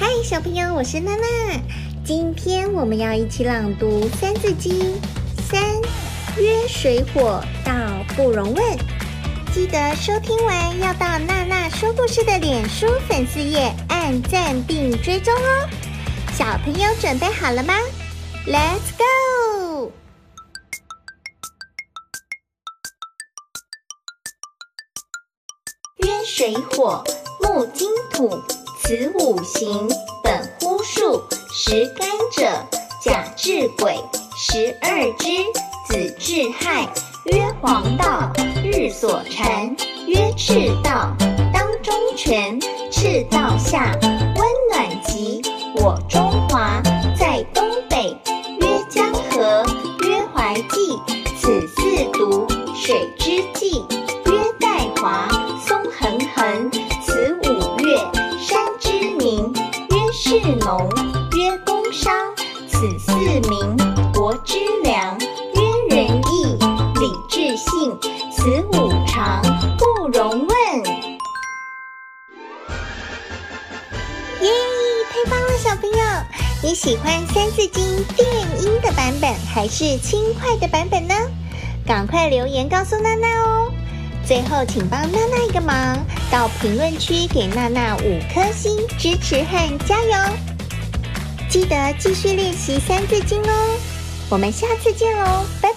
嗨，小朋友，我是娜娜。今天我們要一起朗讀《三字經》三，三曰水火，到不容紊。記得收聽完要到娜娜說故事的臉書粉絲頁按讚並追蹤哦。小朋友準備好了嗎？Let's go。曰水火，木金土。此五行，本乎數。十干者，甲至癸。十二支，子至亥。曰黃道，日所躔；曰赤道，當中權。赤道下，溫暖極。我中華在東北。曰江河，曰淮濟。此四瀆，水之。農、曰工商，此四民，國之良。曰仁、義、禮、智、信，此五常，不容紊。耶，太棒了，小朋友！你喜歡《三字經》電音的版本還是輕快的版本呢？趕快留言告訴娜娜哦！最後，請幫娜娜一個忙。到評論區給娜娜五顆星支持和加油！記得繼續練習《三字經》哦，我們下次見哦。Bye!